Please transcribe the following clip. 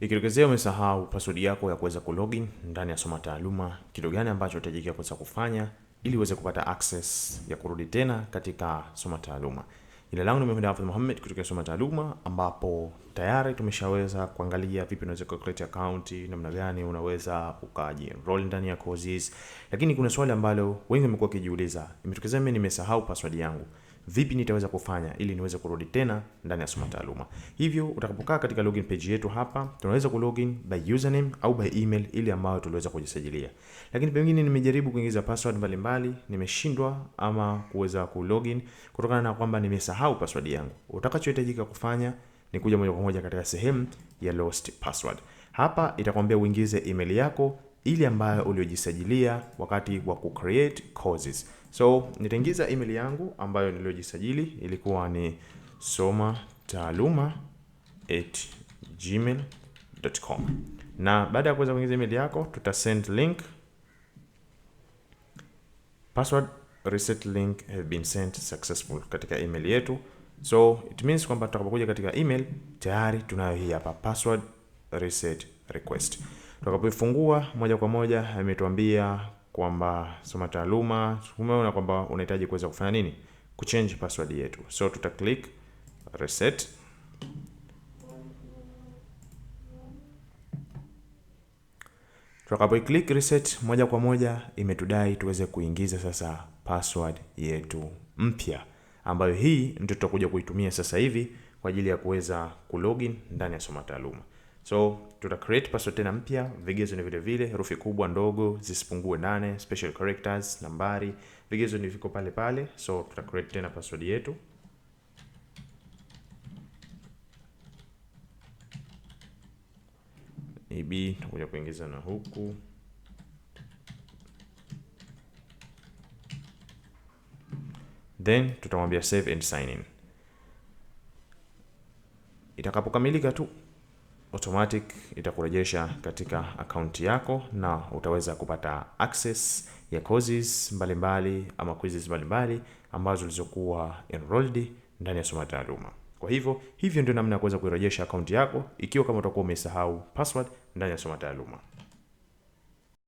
Ikitokezea umesahau password yako ya kuweza kulogin ndani ya Soma Taaluma, kitu gani ambacho utajikia kuweza kufanya ili uweze kupata access ya kurudi tena katika Soma Taaluma? Jina langu ni Mohamed Hafidh Mohamed kutoka Soma Taaluma, ambapo tayari tumeshaweza kuangalia vipi unaweza kucreate account, namna gani unaweza ukajienroll ndani ya courses, lakini kuna swali ambalo wengi wamekuwa wakijiuliza, imetokezea mimi nimesahau password yangu vipi nitaweza kufanya ili niweze kurudi tena ndani ya Soma Taaluma. Hivyo utakapokaa katika login page yetu hapa, tunaweza login by username au by email ile ambayo tuliweza kujisajilia. Lakini pengine nimejaribu kuingiza password mbalimbali, nimeshindwa ama kuweza login kutokana na kwamba nimesahau password yangu. Utakachohitajika kufanya ni kuja moja kwa moja katika sehemu ya lost password. Hapa itakwambia uingize email yako ile ambayo uliojisajilia wakati wa ku create courses. So nitaingiza email yangu ambayo niliyojisajili ilikuwa ni soma taaluma at gmail.com, na baada ya kuweza kuingiza email yako tuta send link password reset link have been sent successful katika email yetu. So it means kwamba tutakapokuja katika email tayari tunayo hii hapa password reset request tukapoifungua moja kwa moja ametuambia kwamba soma taaluma, umeona kwamba unahitaji kuweza kufanya nini? Kuchange password yetu. So tuta click reset. Tutakapo click reset moja kwa moja imetudai tuweze kuingiza sasa password yetu mpya ambayo hii ndio tutakuja kuitumia sasa hivi kwa ajili ya kuweza kulogin ndani ya Soma Taaluma. So tuta create password tena mpya, vigezo ni vile vile, herufi kubwa ndogo zisipungue nane, special characters, nambari, vigezo ni viko pale pale. So tuta create tena password yetu. Maybe tutakuja kuingiza na huku then tutamwambia save and sign in. Itakapokamilika tu automatic itakurejesha katika akaunti yako na utaweza kupata access ya courses mbalimbali ama quizzes mbalimbali ambazo ulizokuwa enrolled ndani ya Soma Taaluma. Kwa hivyo hivyo ndio namna ya kuweza kuirejesha akaunti yako ikiwa kama utakuwa umesahau password ndani ya Soma Taaluma.